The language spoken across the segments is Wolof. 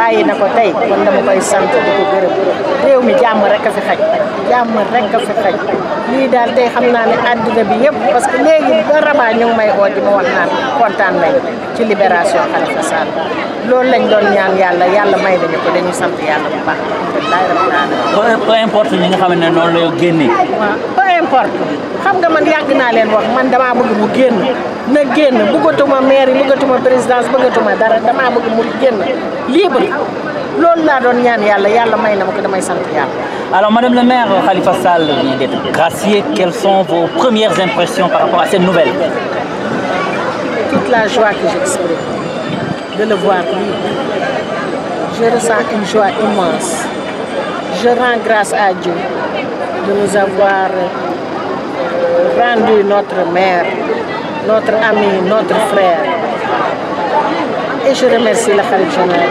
bàyyi na ko tey kon dama koy sant di ko gërëm réew mi jàmm rek a fi xaj jàmm rek a fi xaj lii daal tey xam naa ne àddina bi yëpp parce que léegi ba rabaa ñu may oo di moo wax naan kontaan nañ ci libération Khalifa Sall loolu lañ doon ñaan yàlla yàlla may nañu ko dañu sant yàlla bu baax. peu importe ñi nga xam ne noonu la génne porte xam man yàgg naa leen wax man damaa bëgg mu génn na génn bëggatuma maire bëggatuma présidence bëggatuma dara damaa bëgg mu génn libre loolu laa doon ñaan yàlla yàlla may na ma damay sant yàlla. alors madame le maire Khalifa Sall vient d'être gracié quelles sont vos premières impressions par rapport à cette nouvelle. toute la joie que j'exprime de le voir libre je ressens une joie immense je rends à Dieu de nous avoir. rendu notre mère, notre ami, notre frère. Et je remercie la Khalid Général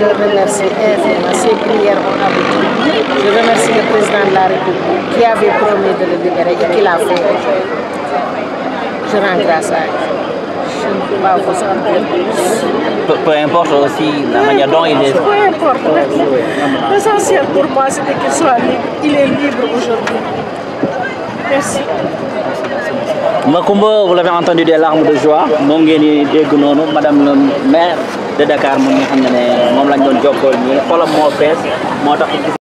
Je remercie infiniment. Ces prières ont Je remercie le président de la République qui avait promis de le libérer et qui l'a fait. Je rends grâce à lui. Bah, peu, peu, importe aussi la manière dont il est. Peu importe. L'essentiel pour moi, c'était qu'il soit libre. Il est libre aujourd'hui. ma Makumba, vous l'avez entendu des larmes de joie moom ngeen di dégg noonu madame la maire de Dakar moom nga xam ne moom lañ doon jokkool ñi xolam moo fees moo tax